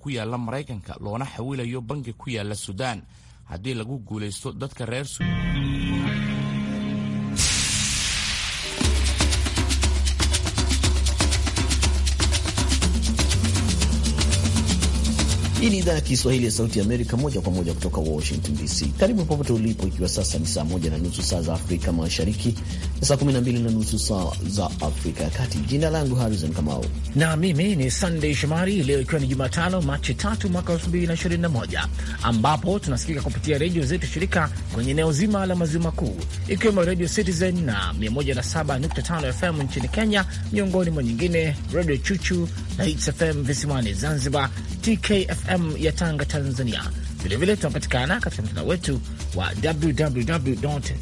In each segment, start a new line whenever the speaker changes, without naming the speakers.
ku yaalla Maraykanka loona xawilayo bangi ku yaala Suudaan haddii lagu guulaysto dadka reer Suudaan
Hii ni idhaa ya Kiswahili ya Sauti ya Amerika, moja kwa moja kutoka Washington DC. Karibu popote ulipo, ikiwa sasa ni saa moja na nusu saa za Afrika Mashariki na saa kumi na mbili na nusu saa za Afrika ya Kati. Jina langu Harrison Kamau
na mimi ni Sandey Shomari. Leo ikiwa ni Jumatano, Machi tatu mwaka elfu mbili na na ishirini moja ambapo tunasikika kupitia redio zetu shirika kwenye eneo zima la maziwa makuu, ikiwemo Redio Citizen na 107.5 FM nchini Kenya, miongoni mwa nyingine, Redio Chuchu na Hits FM visiwani Zanzibar, TKFM FM ya Tanga, Tanzania. Vilevile tunapatikana katika mtandao wetu wa www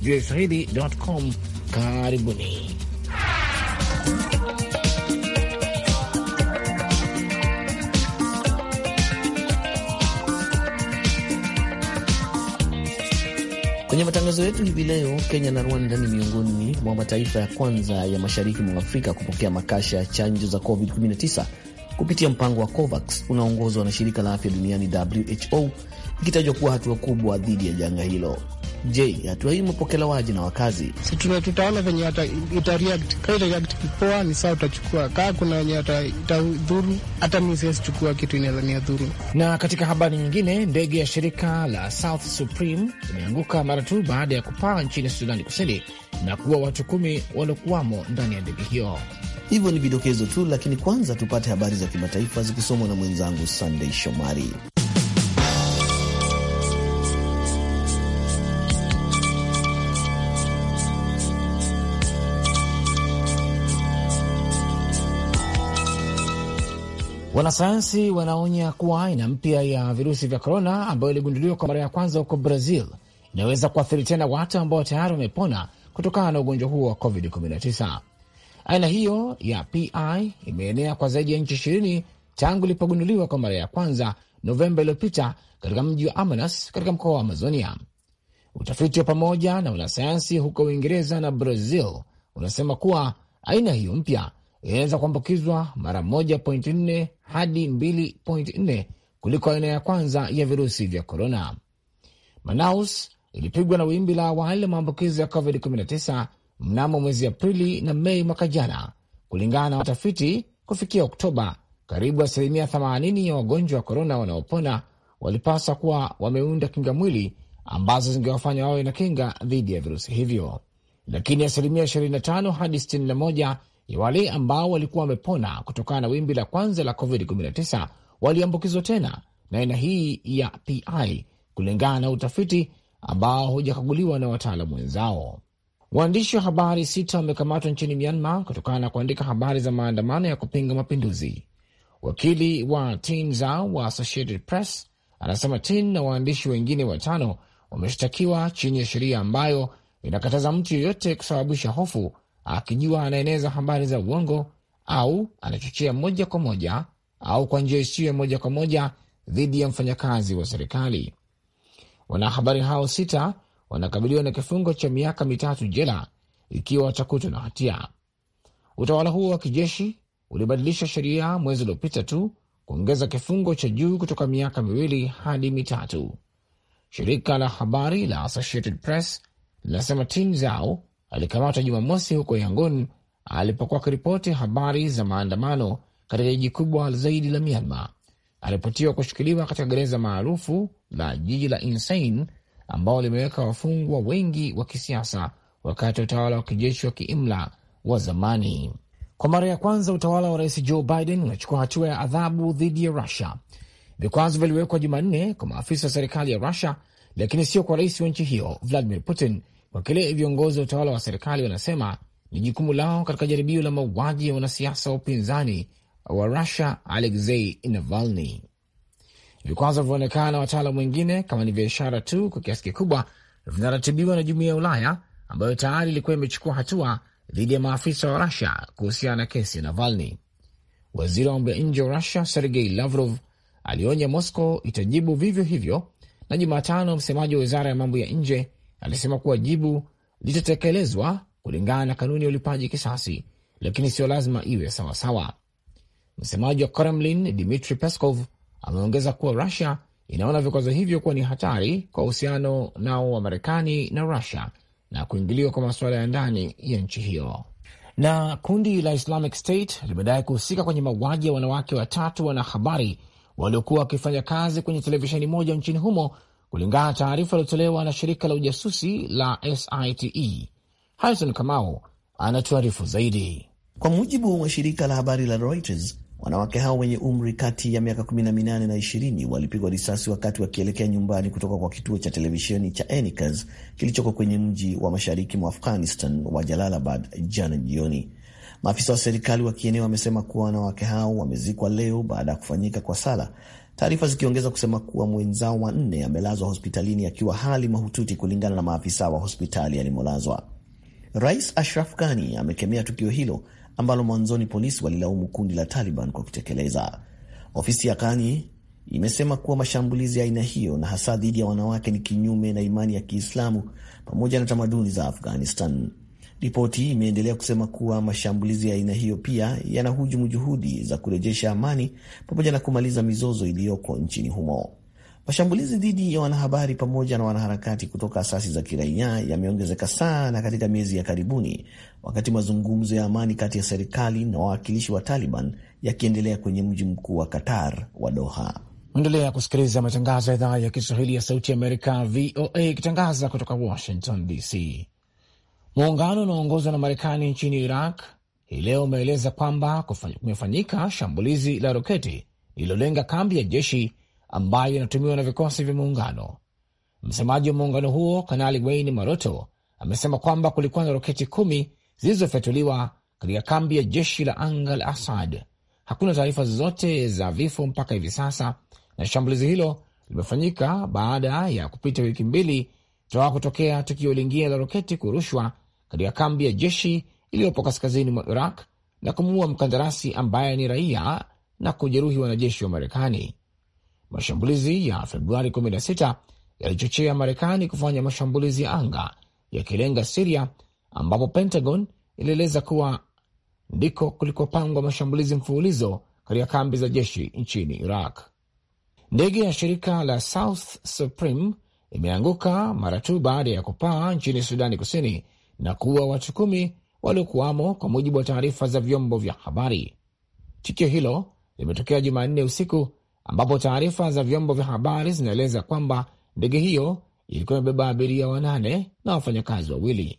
voa swahili com. Karibuni.
Kwenye matangazo yetu hivi leo, Kenya na Rwanda ni miongoni mwa mataifa ya kwanza ya mashariki mwa Afrika kupokea makasha ya chanjo za COVID-19 kupitia mpango wa COVAX unaoongozwa na shirika la afya duniani WHO, ikitajwa kuwa hatua kubwa dhidi ya janga hilo. Je, hatua hii imepokelewaje na wakazi? Si tutaona venye
itareact. Ka itareact
ni saa utachukua, kaa kuna wenye itadhuru, hata mi siwezichukua kitu inaweza niadhuru. Na katika habari nyingine, ndege ya shirika la South Supreme imeanguka mara tu baada ya kupaa nchini Sudani Kusini na kuwa watu kumi waliokuwamo ndani ya ndege hiyo.
Hivyo ni vidokezo tu, lakini kwanza tupate habari za kimataifa zikisomwa na mwenzangu Sandei Shomari.
Wanasayansi wanaonya kuwa aina mpya ya virusi vya korona ambayo iligunduliwa kwa mara ya kwanza huko Brazil inaweza kuathiri tena watu ambao tayari wamepona kutokana na ugonjwa huo wa COVID-19. Aina hiyo ya PI imeenea kwa zaidi ya nchi ishirini tangu ilipogunduliwa kwa mara ya kwanza Novemba iliyopita katika mji wa Amanas katika mkoa wa Amazonia. Utafiti wa pamoja na wanasayansi huko Uingereza na Brazil unasema kuwa aina hiyo mpya inaweza kuambukizwa mara moja point nne hadi mbili point nne kuliko aina ya kwanza ya virusi vya korona. Manaus ilipigwa na wimbi la awali la maambukizi ya COVID-19 mnamo mwezi Aprili na Mei mwaka jana. Kulingana na watafiti, kufikia Oktoba, karibu asilimia 80 ya wagonjwa wa korona wanaopona walipaswa kuwa wameunda kinga mwili ambazo zingewafanya wawe na kinga dhidi ya virusi hivyo, lakini asilimia 25 hadi 61 ya wale ambao walikuwa wamepona kutokana na wimbi la kwanza la COVID-19 waliambukizwa tena na aina hii ya PI kulingana na utafiti ambao hujakaguliwa na wataalamu wenzao. Waandishi wa habari sita wamekamatwa nchini Myanmar kutokana na kuandika habari za maandamano ya kupinga mapinduzi. Wakili wa Tin wa Associated Press anasema Tin na waandishi wengine watano wameshtakiwa chini ya sheria ambayo inakataza mtu yeyote kusababisha hofu akijua anaeneza habari za uongo au anachochea moja kwa moja au kwa njia isiyo moja kwa moja dhidi ya mfanyakazi wa serikali. Wanahabari hao sita wanakabiliwa na kifungo cha miaka mitatu jela ikiwa watakutwa na hatia. Utawala huo wa kijeshi ulibadilisha sheria mwezi uliopita tu kuongeza kifungo cha juu kutoka miaka miwili hadi mitatu. Shirika la habari la Associated Press linasema timu zao alikamatwa Jumamosi huko Yangon alipokuwa akiripoti habari za maandamano katika jiji kubwa zaidi la Myanmar. Alipotiwa kushikiliwa katika gereza maarufu la jiji la Insein ambao limeweka wafungwa wengi wa kisiasa wakati wa utawala wa kijeshi wa kiimla wa zamani. Kwa mara ya kwanza utawala wa rais Joe Biden unachukua hatua ya adhabu dhidi ya Rusia. Vikwazo viliwekwa Jumanne kwa maafisa wa serikali ya Rusia, lakini sio kwa rais wa nchi hiyo Vladimir Putin kwa kile viongozi wa utawala wa serikali wanasema ni jukumu lao katika jaribio la mauaji ya wanasiasa wa upinzani wa Rusia Alexei Navalny. Vikwazo vinavyoonekana na wataalam wengine kama ni biashara tu kwa kiasi kikubwa vinaratibiwa na jumuiya ya Ulaya ambayo tayari ilikuwa imechukua hatua dhidi ya maafisa wa Rusia kuhusiana na kesi ya Navalny. Waziri wa mambo ya nje wa Rusia Sergei Lavrov alionya Moscow itajibu vivyo hivyo, na Jumatano msemaji wa wizara ya mambo ya nje alisema kuwa jibu litatekelezwa kulingana na kanuni ya ulipaji kisasi, lakini sio lazima iwe sawasawa. Msemaji wa Kremlin Dmitri Peskov ameongeza kuwa Rusia inaona vikwazo hivyo kuwa ni hatari kwa uhusiano nao wa Marekani na Rusia na kuingiliwa kwa masuala ya ndani ya nchi hiyo. Na kundi la Islamic State limedai kuhusika kwenye mauaji ya wanawake watatu wanahabari waliokuwa wakifanya kazi kwenye televisheni moja nchini humo kulingana na taarifa iliyotolewa na shirika la ujasusi
la SITE. Harison Kamau anatuarifu zaidi. Kwa mujibu wa shirika la habari la Reuters, wanawake hao wenye umri kati ya miaka 18 na 20 walipigwa risasi wakati wakielekea nyumbani kutoka kwa kituo cha televisheni cha Enikaz kilichoko kwenye mji wa mashariki mwa Afghanistan wa Jalalabad jana jioni. Maafisa wa serikali wa kieneo wamesema kuwa wanawake hao wamezikwa leo baada ya kufanyika kwa sala taarifa zikiongeza kusema kuwa mwenzao wa nne amelazwa hospitalini akiwa hali mahututi kulingana na maafisa wa hospitali alimolazwa. Rais Ashraf Ghani amekemea tukio hilo ambalo mwanzoni polisi walilaumu kundi la Taliban kwa kutekeleza. Ofisi ya Ghani imesema kuwa mashambulizi ya aina hiyo na hasa dhidi ya wanawake ni kinyume na imani ya Kiislamu pamoja na tamaduni za Afghanistan. Ripoti imeendelea kusema kuwa mashambulizi ya aina hiyo pia yanahujumu juhudi za kurejesha amani pamoja na kumaliza mizozo iliyoko nchini humo. Mashambulizi dhidi ya wanahabari pamoja na wanaharakati kutoka asasi za kiraia yameongezeka sana katika miezi ya karibuni, wakati mazungumzo ya amani kati ya serikali na wawakilishi wa Taliban yakiendelea kwenye mji mkuu wa Qatar wa Doha.
Endelea kusikiliza matangazo ya idhaa ya Kiswahili ya Sauti ya Amerika, VOA, ikitangaza kutoka Washington DC. Muungano unaoongozwa na Marekani nchini Iraq hii leo umeeleza kwamba kumefanyika shambulizi la roketi lililolenga kambi ya jeshi ambayo inatumiwa na vikosi vya muungano. Msemaji wa muungano huo Kanali Wayne Maroto amesema kwamba kulikuwa na roketi kumi zilizofyatuliwa katika kambi ya jeshi la anga la Asad. Hakuna taarifa zozote za vifo mpaka hivi sasa, na shambulizi hilo limefanyika baada ya kupita wiki mbili toka kutokea tukio lingine la roketi kurushwa katika kambi ya jeshi iliyopo kaskazini mwa Iraq na kumuua mkandarasi ambaye ni raia na kujeruhi wanajeshi wa Marekani. Mashambulizi ya Februari 16 yalichochea Marekani kufanya mashambulizi ya anga yakilenga Siria, ambapo Pentagon ilieleza kuwa ndiko kulikopangwa mashambulizi mfululizo katika kambi za jeshi nchini Iraq. Ndege ya shirika la South Supreme imeanguka mara tu baada ya kupaa nchini Sudani Kusini na kuwa watu kumi waliokuwamo, kwa mujibu wa taarifa za vyombo vya habari. Tukio hilo limetokea Jumanne usiku ambapo taarifa za vyombo vya habari zinaeleza kwamba ndege hiyo ilikuwa imebeba abiria wanane na wafanyakazi wawili.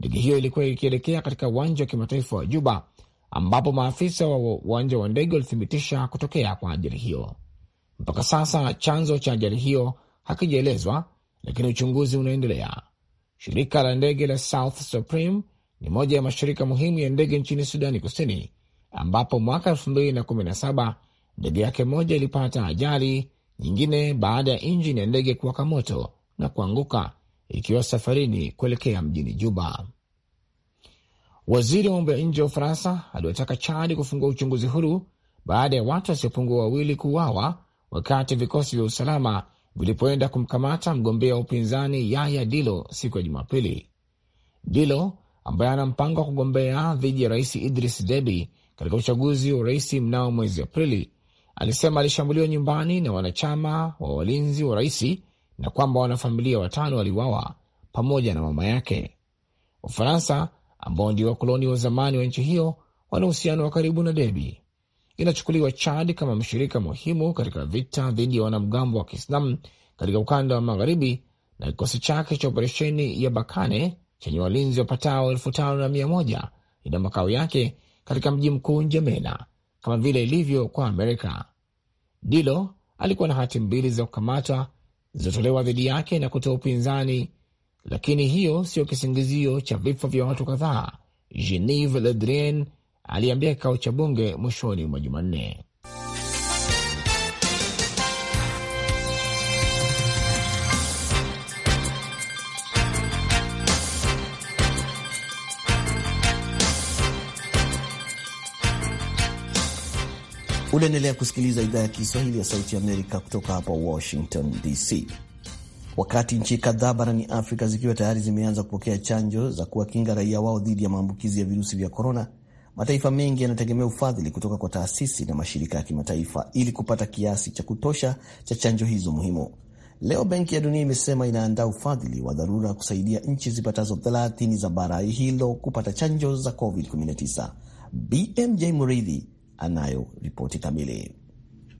Ndege hiyo ilikuwa ikielekea katika uwanja wa kimataifa wa Juba, ambapo maafisa wa uwanja wa ndege walithibitisha kutokea kwa ajali hiyo. Mpaka sasa chanzo cha ajali hiyo hakijaelezwa, lakini uchunguzi unaendelea. Shirika la ndege la South Supreme ni moja ya mashirika muhimu ya ndege nchini Sudani Kusini, ambapo mwaka 2017 ndege yake moja ilipata ajali nyingine baada ya injini ya ndege kuwaka moto na kuanguka ikiwa safarini kuelekea mjini Juba. Waziri wa mambo ya nje wa Ufaransa aliwataka chadi kufungua uchunguzi huru baada ya watu wasiopungua wawili kuuawa wakati vikosi vya usalama vilipoenda kumkamata mgombea wa upinzani yaya Dilo siku ya Jumapili. Dilo ambaye ana mpango wa kugombea dhidi ya rais Idris Deby katika uchaguzi wa urais mnao mwezi Aprili alisema alishambuliwa nyumbani na wanachama wa walinzi wa rais na kwamba wanafamilia watano waliwawa pamoja na mama yake. Ufaransa ambao ndio wakoloni wa zamani wa nchi hiyo wana uhusiano wa karibu na Deby inachukuliwa Chad kama mshirika muhimu katika vita dhidi ya wanamgambo wa Kiislamu katika ukanda wa magharibi na kikosi chake cha operesheni ya Bakane chenye walinzi wapatao elfu tano na mia moja ina makao yake katika mji mkuu Njemena kama vile ilivyo kwa Amerika. Dilo alikuwa na hati mbili za kukamata zilizotolewa dhidi yake na kutoa upinzani, lakini hiyo siyo kisingizio cha vifo vya watu kadhaa. Geneve Ledrien aliambia kikao cha bunge mwishoni mwa Jumanne.
Unaendelea kusikiliza idhaa ya Kiswahili ya Sauti ya Amerika kutoka hapa Washington DC. Wakati nchi kadhaa barani Afrika zikiwa tayari zimeanza kupokea chanjo za kuwakinga raia wao dhidi ya maambukizi ya virusi vya korona, Mataifa mengi yanategemea ufadhili kutoka kwa taasisi na mashirika ya kimataifa ili kupata kiasi cha kutosha cha chanjo hizo muhimu. Leo Benki ya Dunia imesema inaandaa ufadhili wa dharura kusaidia nchi zipatazo 30 za bara hilo kupata chanjo za COVID-19. BMJ Muridhi anayo ripoti kamili.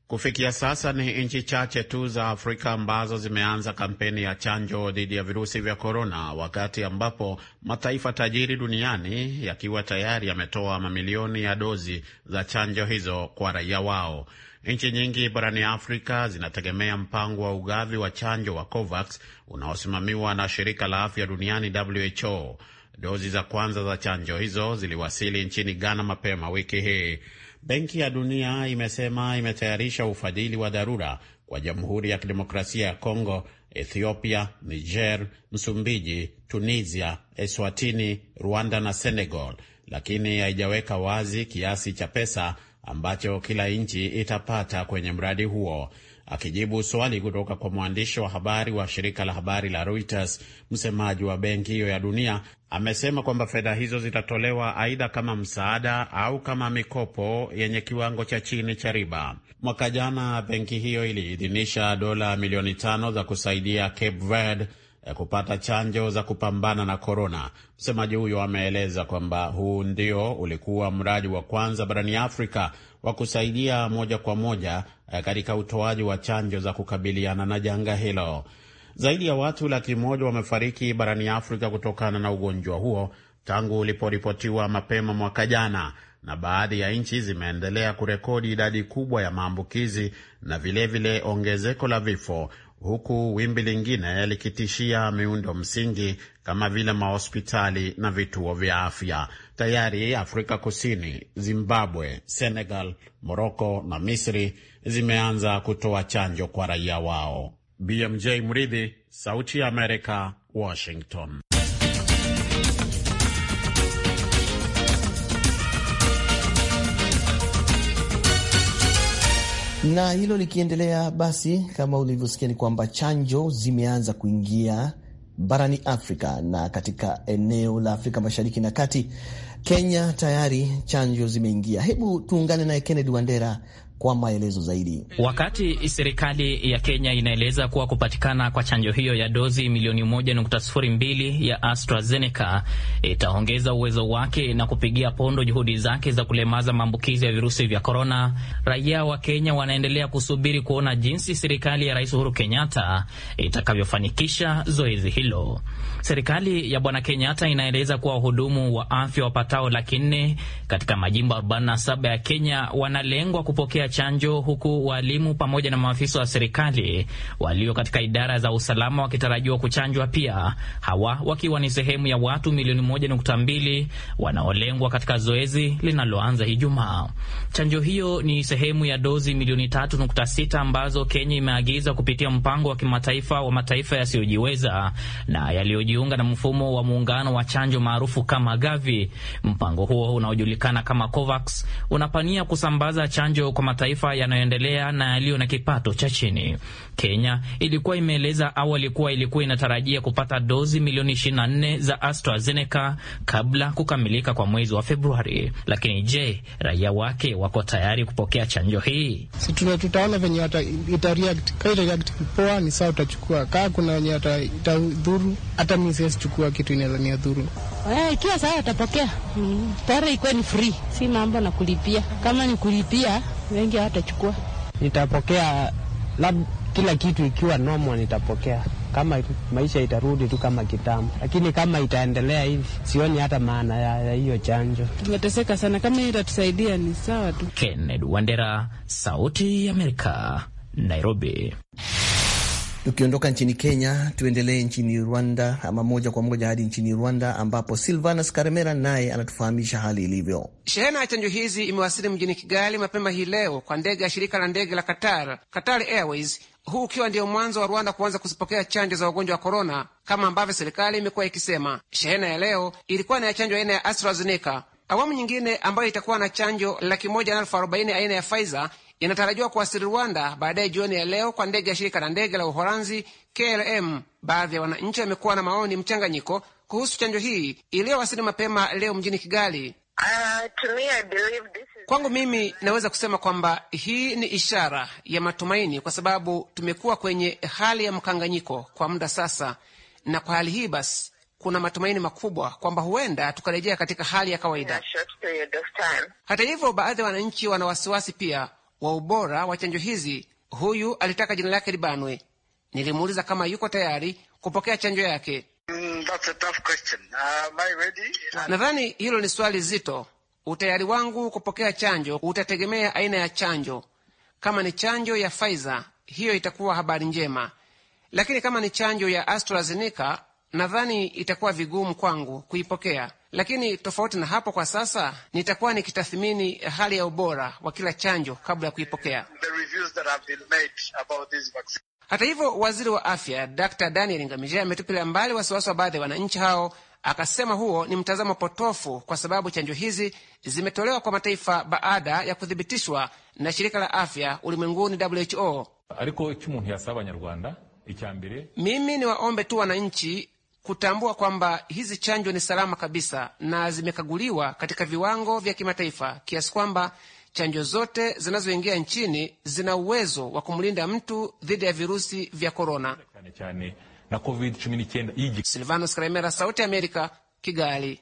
Kufikia sasa ni nchi chache tu za Afrika ambazo zimeanza kampeni ya chanjo dhidi ya virusi vya korona, wakati ambapo mataifa tajiri duniani yakiwa tayari yametoa mamilioni ya dozi za chanjo hizo kwa raia wao. Nchi nyingi barani Afrika zinategemea mpango wa ugavi wa chanjo wa COVAX unaosimamiwa na shirika la afya duniani WHO. Dozi za kwanza za chanjo hizo ziliwasili nchini Ghana mapema wiki hii. Benki ya Dunia imesema imetayarisha ufadhili wa dharura kwa Jamhuri ya Kidemokrasia ya Kongo, Ethiopia, Niger, Msumbiji, Tunisia, Eswatini, Rwanda na Senegal, lakini haijaweka wazi kiasi cha pesa ambacho kila nchi itapata kwenye mradi huo. Akijibu swali kutoka kwa mwandishi wa habari wa shirika la habari la Reuters, msemaji wa benki hiyo ya dunia amesema kwamba fedha hizo zitatolewa aidha kama msaada au kama mikopo yenye kiwango cha chini cha riba. Mwaka jana benki hiyo iliidhinisha dola milioni tano za kusaidia Cape Verde Eh, kupata chanjo za kupambana na korona. Msemaji huyo ameeleza kwamba huu ndio ulikuwa mradi wa kwanza barani Afrika wa kusaidia moja kwa moja eh, katika utoaji wa chanjo za kukabiliana na janga hilo. Zaidi ya watu laki moja wamefariki barani Afrika kutokana na ugonjwa huo tangu uliporipotiwa mapema mwaka jana, na baadhi ya nchi zimeendelea kurekodi idadi kubwa ya maambukizi na vilevile vile ongezeko la vifo huku wimbi lingine likitishia miundo msingi kama vile mahospitali na vituo vya afya. Tayari Afrika Kusini, Zimbabwe, Senegal, Moroko na Misri zimeanza kutoa chanjo kwa raia wao. BMJ Mridhi, Sauti ya Amerika, Washington.
Na hilo likiendelea, basi kama ulivyosikia ni kwamba chanjo zimeanza kuingia barani Afrika na katika eneo la Afrika Mashariki na Kati. Kenya tayari chanjo zimeingia. Hebu tuungane naye Kennedy Wandera kwa maelezo zaidi.
Wakati serikali ya Kenya inaeleza kuwa kupatikana kwa chanjo hiyo ya dozi milioni moja nukta sifuri mbili ya AstraZeneca itaongeza uwezo wake na kupigia pondo juhudi zake za kulemaza maambukizi ya virusi vya korona, raia wa Kenya wanaendelea kusubiri kuona jinsi serikali ya Rais Uhuru Kenyatta itakavyofanikisha zoezi hilo. Serikali ya Bwana Kenyatta inaeleza kuwa wahudumu wa afya wapatao laki nne katika majimbo 47 ya Kenya wanalengwa kupokea chanjo, huku walimu pamoja na maafisa wa serikali walio katika idara za usalama wakitarajiwa kuchanjwa pia, hawa wakiwa ni sehemu ya watu milioni moja nukta mbili wanaolengwa katika zoezi linaloanza Ijumaa. Chanjo hiyo ni sehemu ya dozi milioni tatu nukta sita ambazo Kenya imeagiza kupitia mpango wa kimataifa wa mataifa yasiyojiweza na yaliyojiunga na mfumo wa muungano wa chanjo maarufu kama Gavi. Mpango huo unaojulikana kama COVAX unapania kusambaza chanjo kwa mataifa yanayoendelea na yaliyo na kipato cha chini. Kenya ilikuwa imeeleza awali kuwa ilikuwa inatarajia kupata dozi milioni 24 za AstraZeneca kabla kukamilika kwa mwezi wa Februari. Lakini je, raia wake wako tayari kupokea chanjo hii?
Si tutaona venye itareact. Ka itareact poa ni saa utachukua, kaa kuna wenye itadhuru, hata mi siwezichukua chukua kitu inaweza niadhuru.
Eh, ikiwa saa utapokea mm, tare ikuwe ni free, si mambo
na kulipia. Kama ni kulipia wengi hawatachukua.
Nitapokea lab, kila kitu ikiwa normal nitapokea kama maisha itarudi tu kama kitambo, lakini kama itaendelea hivi sioni hata maana ya hiyo chanjo.
Tumeteseka sana, kama hiyo itatusaidia ni sawa tu. Kennedy Wandera, Sauti ya Amerika, Nairobi.
Tukiondoka nchini Kenya, tuendelee nchini Rwanda ama moja kwa moja hadi nchini Rwanda ambapo Silvanus Karemera naye anatufahamisha hali ilivyo.
Shehena ya chanjo hizi imewasili mjini Kigali mapema hii leo kwa ndege ya shirika la ndege la Qatar, Qatar Airways, huu ukiwa ndiyo mwanzo wa Rwanda kuanza kuzipokea chanjo za wagonjwa wa korona kama ambavyo serikali imekuwa ikisema. Shehena ya leo ilikuwa na ya chanjo aina ya AstraZeneca Awamu nyingine ambayo itakuwa na chanjo laki moja na elfu arobaini aina ya Pfizer inatarajiwa kuwasili Rwanda baadaye jioni ya leo kwa ndege ya shirika la ndege la Uholanzi KLM. Baadhi ya wananchi wamekuwa na maoni mchanganyiko kuhusu chanjo hii iliyowasili mapema leo mjini Kigali.
Uh, me, is...
kwangu mimi naweza kusema kwamba hii ni ishara ya matumaini, kwa sababu tumekuwa kwenye hali ya mkanganyiko kwa muda sasa, na kwa hali hii basi kuna matumaini makubwa kwamba huenda tukarejea katika hali ya kawaida. Hata hivyo, baadhi ya wananchi wana wasiwasi pia wa ubora wa chanjo hizi. Huyu alitaka jina lake libanwe. Nilimuuliza kama yuko tayari kupokea chanjo yake.
Mm, uh, uh, nadhani
hilo ni swali zito. Utayari wangu kupokea chanjo utategemea aina ya chanjo. Kama ni chanjo ya Pfizer, hiyo itakuwa habari njema, lakini kama ni chanjo ya AstraZeneca nadhani itakuwa vigumu kwangu kuipokea, lakini tofauti na hapo, kwa sasa nitakuwa nikitathimini hali ya ubora wa kila chanjo kabla ya kuipokea. Hata hivyo, waziri wa afya Dr Daniel Ngamije ametupilia mbali wasiwasi wa baadhi ya wananchi hao, akasema huo ni mtazamo potofu, kwa sababu chanjo hizi zimetolewa kwa mataifa baada ya kuthibitishwa na shirika la afya ulimwenguni WHO. Ariko, mimi ni waombe tu wananchi kutambua kwamba hizi chanjo ni salama kabisa na zimekaguliwa katika viwango vya kimataifa kiasi kwamba chanjo zote zinazoingia nchini zina uwezo wa kumlinda mtu dhidi ya virusi vya korona. Silvanos Sauti ya Amerika, Kigali.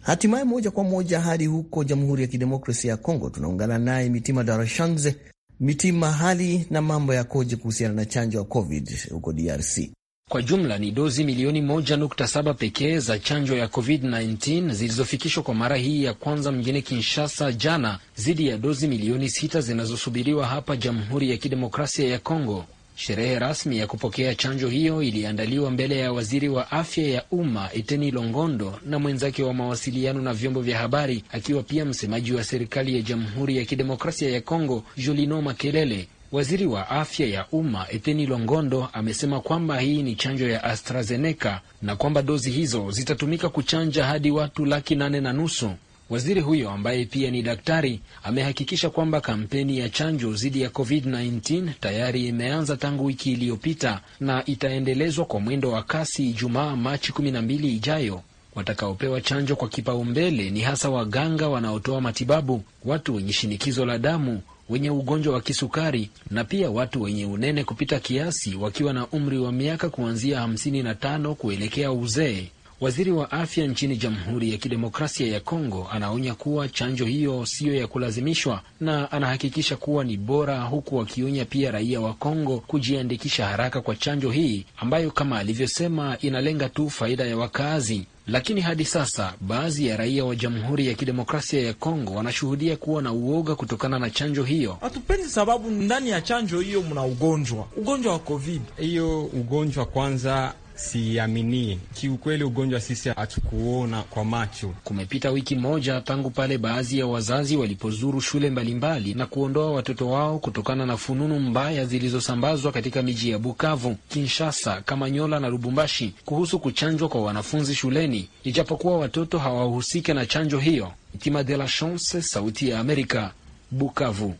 Hatimaye moja kwa moja hadi huko Jamhuri ya Kidemokrasia ya Kongo, tunaungana naye Mitima Darashanze. Mitima, hali na mambo yakoje kuhusiana na chanjo ya COVID huko DRC?
Kwa jumla ni dozi milioni moja nukta saba pekee za chanjo ya COVID-19 zilizofikishwa kwa mara hii ya kwanza mjini Kinshasa jana dhidi ya dozi milioni sita zinazosubiriwa hapa Jamhuri ya Kidemokrasia ya Kongo. Sherehe rasmi ya kupokea chanjo hiyo iliandaliwa mbele ya waziri wa afya ya umma Eteni Longondo na mwenzake wa mawasiliano na vyombo vya habari akiwa pia msemaji wa serikali ya Jamhuri ya Kidemokrasia ya Kongo Julino Makelele. Waziri wa afya ya umma Etheni Longondo amesema kwamba hii ni chanjo ya AstraZeneca na kwamba dozi hizo zitatumika kuchanja hadi watu laki nane na nusu. Waziri huyo ambaye pia ni daktari amehakikisha kwamba kampeni ya chanjo dhidi ya COVID-19 tayari imeanza tangu wiki iliyopita na itaendelezwa kwa mwendo wa kasi Ijumaa Machi 12 ijayo. Watakaopewa chanjo kwa kipaumbele ni hasa waganga wanaotoa matibabu, watu wenye shinikizo la damu, wenye ugonjwa wa kisukari na pia watu wenye unene kupita kiasi wakiwa na umri wa miaka kuanzia hamsini na tano kuelekea uzee. Waziri wa afya nchini Jamhuri ya Kidemokrasia ya Kongo anaonya kuwa chanjo hiyo siyo ya kulazimishwa na anahakikisha kuwa ni bora, huku akionya pia raia wa Kongo kujiandikisha haraka kwa chanjo hii ambayo kama alivyosema inalenga tu faida ya wakazi. Lakini hadi sasa baadhi ya raia wa Jamhuri ya Kidemokrasia ya Kongo wanashuhudia kuwa na uoga kutokana na chanjo hiyo. Hatupendi sababu ndani ya chanjo hiyo mna
ugonjwa,
ugonjwa wa COVID. Hiyo ugonjwa kwanza siamini kiukweli, ugonjwa sisi hatukuona kwa macho. Kumepita wiki moja tangu pale baadhi ya wazazi walipozuru shule mbalimbali na kuondoa watoto wao kutokana na fununu mbaya zilizosambazwa katika miji ya Bukavu, Kinshasa, Kamanyola na Lubumbashi kuhusu kuchanjwa kwa wanafunzi shuleni, ijapokuwa watoto hawahusike na chanjo hiyo. Tima de la Chance, Sauti ya Amerika, Bukavu.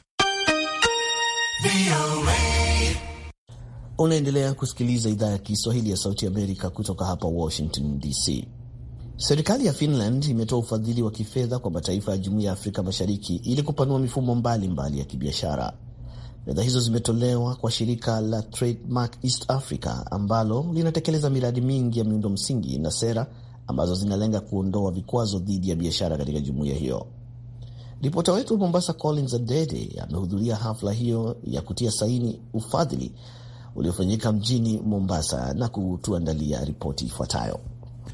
Unaendelea kusikiliza idhaa ya Kiswahili ya Sauti Amerika kutoka hapa Washington DC. Serikali ya Finland imetoa ufadhili wa kifedha kwa mataifa ya Jumuiya ya Afrika Mashariki ili kupanua mifumo mbalimbali mbali ya kibiashara. Fedha hizo zimetolewa kwa shirika la Trademark East Africa ambalo linatekeleza miradi mingi ya miundo msingi na sera ambazo zinalenga kuondoa vikwazo dhidi ya biashara katika jumuiya hiyo. Ripota wetu wa Mombasa, Collins Adede, amehudhuria hafla hiyo ya kutia saini ufadhili uliofanyika mjini Mombasa na kutuandalia ripoti ifuatayo.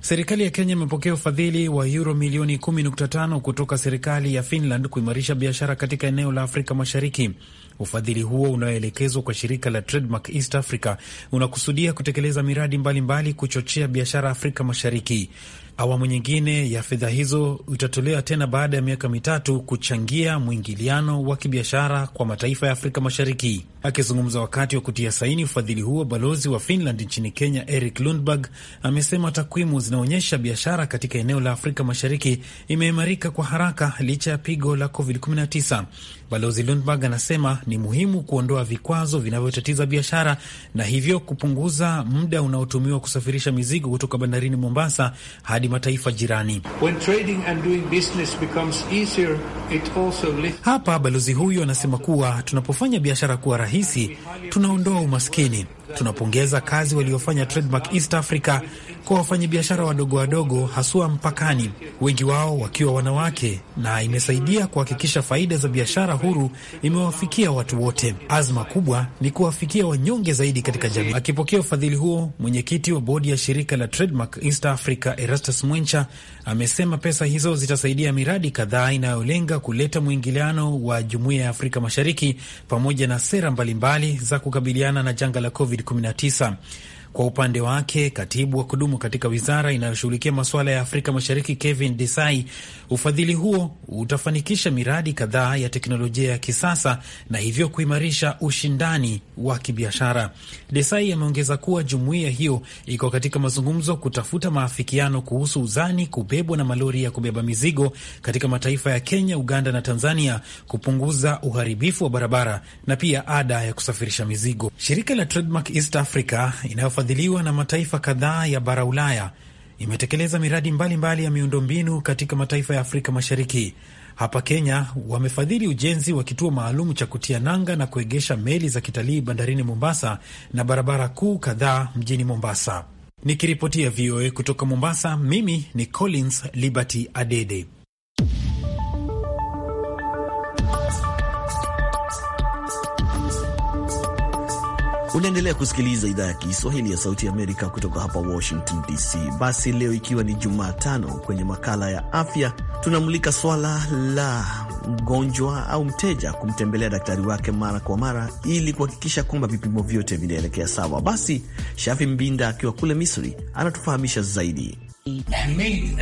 Serikali ya Kenya imepokea ufadhili wa yuro milioni 10.5 kutoka serikali ya Finland kuimarisha biashara katika eneo la Afrika Mashariki. Ufadhili huo unaoelekezwa kwa shirika la Trademark East Africa unakusudia kutekeleza miradi mbalimbali mbali, kuchochea biashara Afrika Mashariki. Awamu nyingine ya fedha hizo itatolewa tena baada ya miaka mitatu kuchangia mwingiliano wa kibiashara kwa mataifa ya Afrika Mashariki. Akizungumza wakati wa kutia saini ufadhili huo, balozi wa Finland nchini Kenya Eric Lundberg amesema takwimu zinaonyesha biashara katika eneo la Afrika Mashariki imeimarika kwa haraka licha ya pigo la COVID-19. Balozi Lundberg anasema ni muhimu kuondoa vikwazo vinavyotatiza biashara na hivyo kupunguza muda unaotumiwa kusafirisha mizigo kutoka bandarini Mombasa hadi hadi mataifa jirani.
When trading and doing business becomes easier,
it also lifts... Hapa balozi huyu anasema kuwa tunapofanya biashara kuwa rahisi, tunaondoa umaskini Tunapongeza kazi waliofanya Trademark East Africa kwa wafanyabiashara wadogo wadogo, haswa mpakani, wengi wao wakiwa wanawake, na imesaidia kuhakikisha faida za biashara huru imewafikia watu wote. Azma kubwa ni kuwafikia wanyonge zaidi katika jamii. Akipokea ufadhili huo, mwenyekiti wa bodi ya shirika la Trademark East Africa Erastus Mwencha amesema pesa hizo zitasaidia miradi kadhaa inayolenga kuleta mwingiliano wa jumuiya ya Afrika Mashariki pamoja na sera mbalimbali mbali za kukabiliana na janga la COVID COVID-19. Kwa upande wake, katibu wa kudumu katika wizara inayoshughulikia masuala ya Afrika Mashariki, Kevin Desai, ufadhili huo utafanikisha miradi kadhaa ya teknolojia ya kisasa na hivyo kuimarisha ushindani wa kibiashara. Desai ameongeza kuwa jumuiya hiyo iko katika mazungumzo kutafuta maafikiano kuhusu uzani kubebwa na malori ya kubeba mizigo katika mataifa ya Kenya, Uganda na Tanzania, kupunguza uharibifu wa barabara na pia ada ya kusafirisha mizigo. Shirika la Trademark East Africa inayo inayofadhiliwa na mataifa kadhaa ya bara Ulaya imetekeleza miradi mbalimbali mbali ya miundombinu katika mataifa ya Afrika Mashariki. Hapa Kenya wamefadhili ujenzi wa kituo maalum cha kutia nanga na kuegesha meli za kitalii bandarini Mombasa na barabara kuu kadhaa mjini Mombasa. Nikiripotia VOA kutoka Mombasa, mimi ni Collins Liberty Adede.
Unaendelea kusikiliza idhaa ya Kiswahili ya Sauti ya Amerika kutoka hapa Washington DC. Basi leo ikiwa ni Jumatano, kwenye makala ya afya tunamulika swala la mgonjwa au mteja kumtembelea daktari wake mara kwa mara ili kuhakikisha kwamba vipimo vyote vinaelekea sawa. Basi Shafi Mbinda akiwa kule Misri anatufahamisha
zaidi.
Ahmed,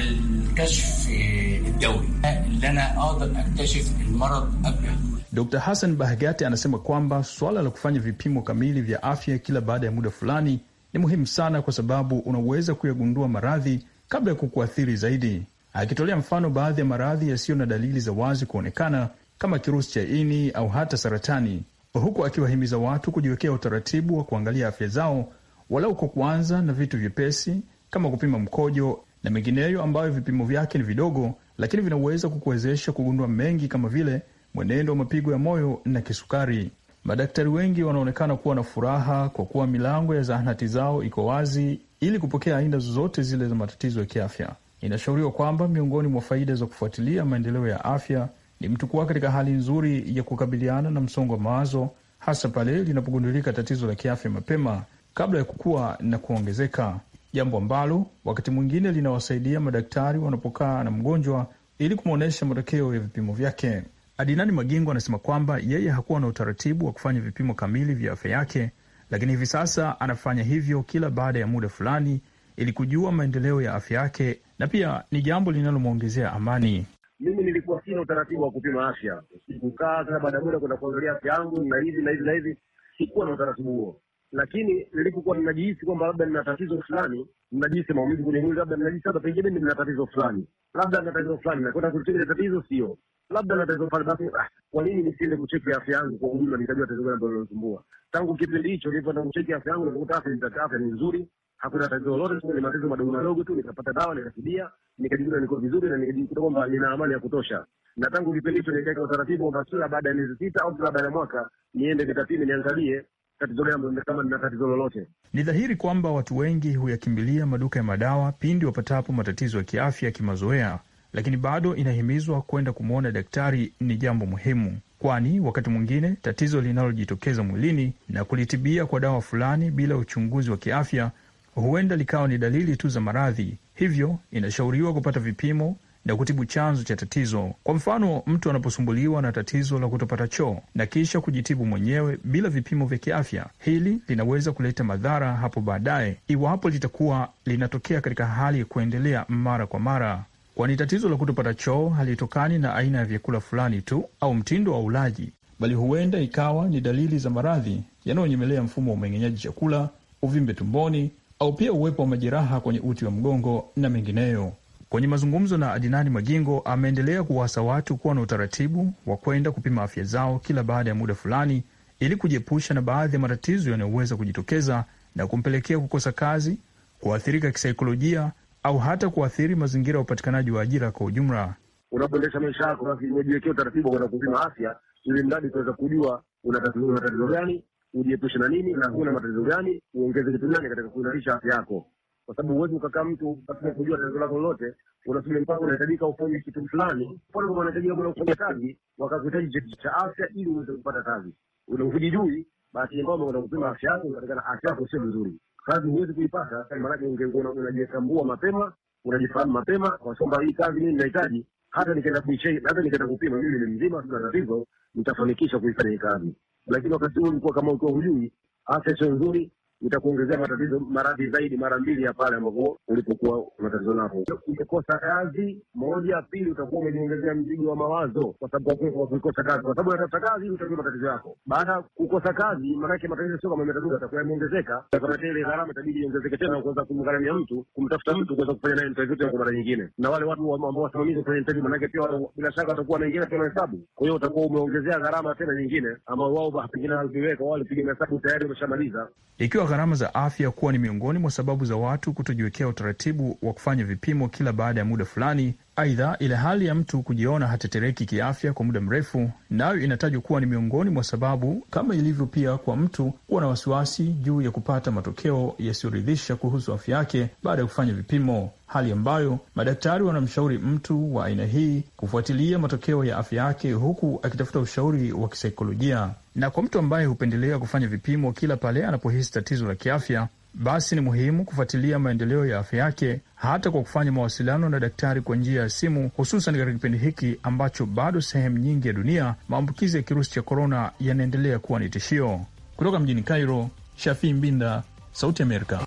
Dr Hassan Bahgati anasema kwamba suala la kufanya vipimo kamili vya afya kila baada ya muda fulani ni muhimu sana, kwa sababu unaweza kuyagundua maradhi kabla ya kukuathiri zaidi, akitolea mfano baadhi ya maradhi yasiyo na dalili za wazi kuonekana kama kirusi cha ini au hata saratani, huku akiwahimiza watu kujiwekea utaratibu wa kuangalia afya zao walau kwa kuanza na vitu vyepesi kama kupima mkojo na mengineyo ambayo vipimo vyake ni vidogo, lakini vinaweza kukuwezesha kugundua mengi kama vile mwenendo wa mapigo ya moyo na kisukari. Madaktari wengi wanaonekana kuwa na furaha kwa kuwa milango ya zahanati zao iko wazi ili kupokea aina zozote zile za matatizo ya kiafya. Inashauriwa kwamba miongoni mwa faida za kufuatilia maendeleo ya afya ni mtu kuwa katika hali nzuri ya kukabiliana na msongo wa mawazo, hasa pale linapogundulika tatizo la kiafya mapema kabla ya kukua na kuongezeka, jambo ambalo wakati mwingine linawasaidia madaktari wanapokaa na mgonjwa ili kumwonyesha matokeo ya vipimo vyake. Adinani Magingo anasema kwamba yeye hakuwa na utaratibu wa kufanya vipimo kamili vya afya yake, lakini hivi sasa anafanya hivyo kila baada ya muda fulani ili kujua maendeleo ya afya yake, na pia ni jambo linalomwongezea amani.
Mimi nilikuwa sina utaratibu wa kupima afya, sikukaa kila baada ya muda kwenda kuangalia afya yangu na hivi na hivi na hivi, sikuwa na utaratibu huo lakini nilipokuwa ninajihisi kwamba labda nina tatizo fulani, ninajihisi maumivu kwenye mwili, labda ninajihisi labda pengine mimi nina tatizo fulani, labda nina tatizo fulani, nakwenda kulitia tatizo, sio labda natazopata ah, kwa nini nisiende kucheki afya yangu kwa ujumla, nikajua tatizo gani ambalo linanisumbua tangu kipindi hicho. Nilipoenda kucheki afya yangu, nilikuta afya afya ni nzuri, hakuna tatizo lolote, ni matatizo madogo madogo tu. Nikapata dawa, nikasidia, nikajikuta niko vizuri na nikajikuta kwamba nina amani ya kutosha. Na tangu kipindi hicho nikaweka utaratibu kwamba kila baada ya miezi sita au kila baada ya mwaka niende nikapime, niangalie tatizo langu kama nina tatizo lolote.
Ni dhahiri kwamba watu wengi huyakimbilia maduka ya madawa pindi wapatapo matatizo ya kiafya kimazoea lakini bado inahimizwa kwenda kumwona daktari ni jambo muhimu, kwani wakati mwingine tatizo linalojitokeza mwilini na kulitibia kwa dawa fulani bila uchunguzi wa kiafya huenda likawa ni dalili tu za maradhi. Hivyo inashauriwa kupata vipimo na kutibu chanzo cha tatizo. Kwa mfano, mtu anaposumbuliwa na tatizo la kutopata choo na kisha kujitibu mwenyewe bila vipimo vya kiafya, hili linaweza kuleta madhara hapo baadaye, iwapo litakuwa linatokea katika hali ya kuendelea mara kwa mara kwani tatizo la kutopata choo halitokani na aina ya vyakula fulani tu au mtindo wa ulaji, bali huenda ikawa ni dalili za maradhi yanayonyemelea mfumo wa umeng'enyaji chakula, uvimbe tumboni, au pia uwepo wa majeraha kwenye uti wa mgongo na mengineyo. Kwenye mazungumzo na Adinani Magingo, ameendelea kuwaasa watu kuwa na utaratibu wa kwenda kupima afya zao kila baada ya muda fulani ili kujiepusha na baadhi ya matatizo yanayoweza kujitokeza na kumpelekea kukosa kazi, kuathirika kisaikolojia au hata kuathiri mazingira ya upatikanaji wa ajira kwa ujumla.
Unapoendesha maisha yako, basi umejiwekea utaratibu kwenda kupima afya, ili mradi utaweza kujua una tatizo gani, ujiepushe na nini, na huna matatizo gani, uongeze kitu gani katika kuimarisha afya yako, kwa sababu huwezi ukakaa mtu pasipo kujua tatizo lako lolote. Unasema mpaka unahitajika ufanye kitu fulani, pale unahitajika kwenda kufanya kazi, wakakuhitaji cheti cha afya ili uweze kupata kazi. Unakujijui basi ambao unaenda kupima afya yako, unapatikana afya yako sio vizuri kazi huwezi kuipata, yaani maanake unajitambua mapema, unajifahamu mapema, kwamba hii kazi mimi ninahitaji, hata nikaenda kuichei, hata nikaenda kupima, mimi ni mzima, sina tatizo, nitafanikisha kuifanya hii kazi. Lakini wakati huo ulikuwa kama ukiwa hujui, afya sio nzuri, itakuongezea matatizo maradhi zaidi mara mbili ya pale ambapo ulipokuwa matatizo napo. Ukikosa kazi moja, pili, utakuwa umejiongezea mzigo wa mawazo, kwa sababu kwa kukosa kazi, kwa sababu unatafuta kazi utajua matatizo yako. Baada ya kukosa kazi, maanake matatizo sio kama imetatuka, atakuwa yameongezeka. Sasa ile gharama itabidi iongezeke tena, kuweza kumgharamia mtu, kumtafuta mtu, kuweza kufanya naye interview tena kwa mara nyingine, na wale watu ambao wasimamizi kwenye interview, maanake pia bila shaka watakuwa naingia tena hesabu. Kwa hiyo utakuwa umeongezea gharama tena nyingine, ambao wao pengine haziweka wao, walipiga hesabu tayari, wameshamaliza
ikiwa gharama za afya kuwa ni miongoni mwa sababu za watu kutojiwekea utaratibu wa kufanya vipimo kila baada ya muda fulani Aidha, ile hali ya mtu kujiona hatetereki kiafya kwa muda mrefu nayo inatajwa kuwa ni miongoni mwa sababu, kama ilivyo pia kwa mtu kuwa na wasiwasi juu ya kupata matokeo yasiyoridhisha kuhusu afya yake baada ya kufanya vipimo, hali ambayo madaktari wanamshauri mtu wa aina hii kufuatilia matokeo ya afya yake huku akitafuta ushauri wa kisaikolojia. Na kwa mtu ambaye hupendelea kufanya vipimo kila pale anapohisi tatizo la kiafya basi ni muhimu kufuatilia maendeleo ya afya yake hata kwa kufanya mawasiliano na daktari kwa njia ya simu, hususan katika kipindi hiki ambacho bado sehemu nyingi ya dunia maambukizi ya kirusi cha korona yanaendelea kuwa ni tishio. Kutoka mjini Cairo, Shafii Mbinda, Sauti Amerika.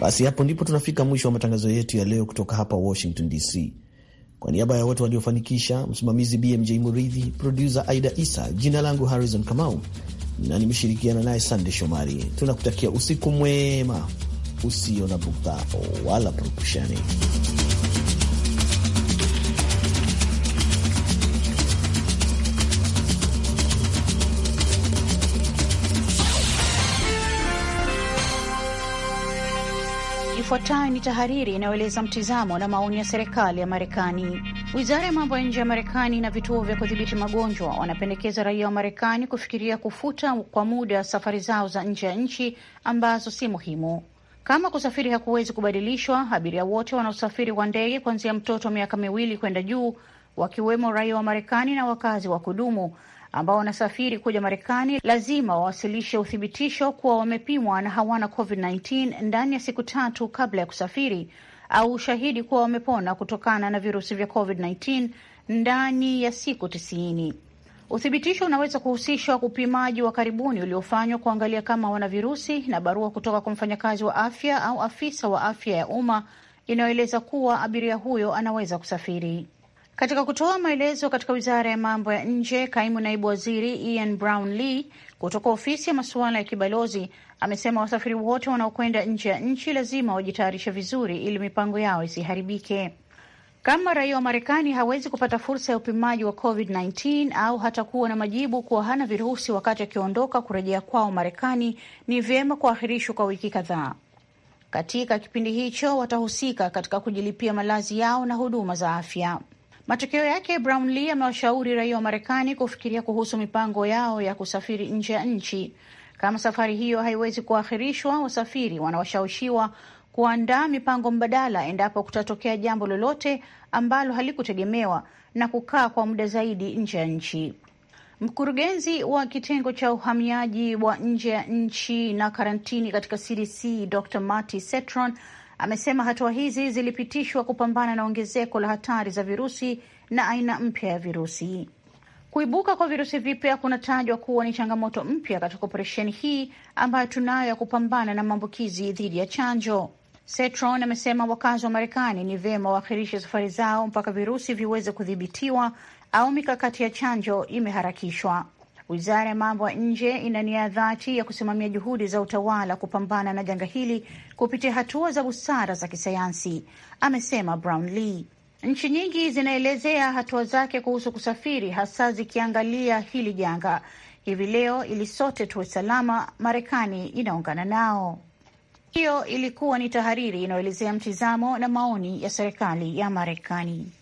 Basi hapo ndipo tunafika mwisho wa matangazo yetu ya leo kutoka hapa Washington DC. Kwa niaba ya wote waliofanikisha, msimamizi BMJ Muridhi, produsa Aida Isa, jina langu Harrison Kamau na nimeshirikiana naye Sande Shomari. Tunakutakia usiku mwema usio na bugdha wala purukushani.
Ifuatayo ni tahariri inayoeleza mtizamo na maoni ya serikali ya Marekani. Wizara ya mambo ya nje ya Marekani na vituo vya kudhibiti magonjwa wanapendekeza raia wa Marekani kufikiria kufuta kwa muda safari zao za nje ya nchi ambazo si muhimu. Kama kusafiri hakuwezi kubadilishwa, abiria wote wanaosafiri kwa ndege kuanzia mtoto wa miaka miwili kwenda juu, wakiwemo raia wa Marekani na wakazi wa kudumu ambao wanasafiri kuja Marekani lazima wawasilishe uthibitisho kuwa wamepimwa na hawana COVID-19 ndani ya siku tatu kabla ya kusafiri au ushahidi kuwa wamepona kutokana na virusi vya COVID-19 ndani ya siku tisini. Uthibitisho unaweza kuhusishwa upimaji wa karibuni uliofanywa kuangalia kama wana virusi na barua kutoka kwa mfanyakazi wa afya au afisa wa afya ya umma inayoeleza kuwa abiria huyo anaweza kusafiri. Katika kutoa maelezo katika wizara ya mambo ya nje, kaimu naibu waziri Ian Brown Lee kutoka ofisi ya masuala ya kibalozi amesema wasafiri wote wanaokwenda nje ya nchi lazima wajitayarishe vizuri ili mipango yao isiharibike. Kama raia wa Marekani hawezi kupata fursa ya upimaji wa COVID-19 au hata kuwa na majibu kuwa hana virusi wakati akiondoka kurejea kwao Marekani, ni vyema kuahirishwa kwa wiki kadhaa. Katika kipindi hicho watahusika katika kujilipia malazi yao na huduma za afya. Matokeo yake, Brownlee amewashauri raia wa Marekani kufikiria kuhusu mipango yao ya kusafiri nje ya nchi. Kama safari hiyo haiwezi kuahirishwa, wasafiri wanawashawishiwa kuandaa mipango mbadala endapo kutatokea jambo lolote ambalo halikutegemewa na kukaa kwa muda zaidi nje ya nchi. Mkurugenzi wa kitengo cha uhamiaji wa nje ya nchi na karantini katika CDC Dr Marty Setron amesema hatua hizi zilipitishwa kupambana na ongezeko la hatari za virusi na aina mpya ya virusi. Kuibuka kwa virusi vipya kunatajwa kuwa ni changamoto mpya katika operesheni hii ambayo tunayo ya kupambana na maambukizi dhidi ya chanjo. Setron amesema wakazi wa Marekani ni vyema waakhirishe safari zao mpaka virusi viweze kudhibitiwa au mikakati ya chanjo imeharakishwa. Wizara ya mambo ya nje ina nia dhati ya kusimamia juhudi za utawala kupambana na janga hili kupitia hatua za busara za kisayansi, amesema Brownlee. Nchi nyingi zinaelezea hatua zake kuhusu kusafiri, hasa zikiangalia hili janga hivi leo, ili sote tuwe salama. Marekani inaungana nao. Hiyo ilikuwa ni tahariri inayoelezea mtizamo na maoni ya serikali ya Marekani.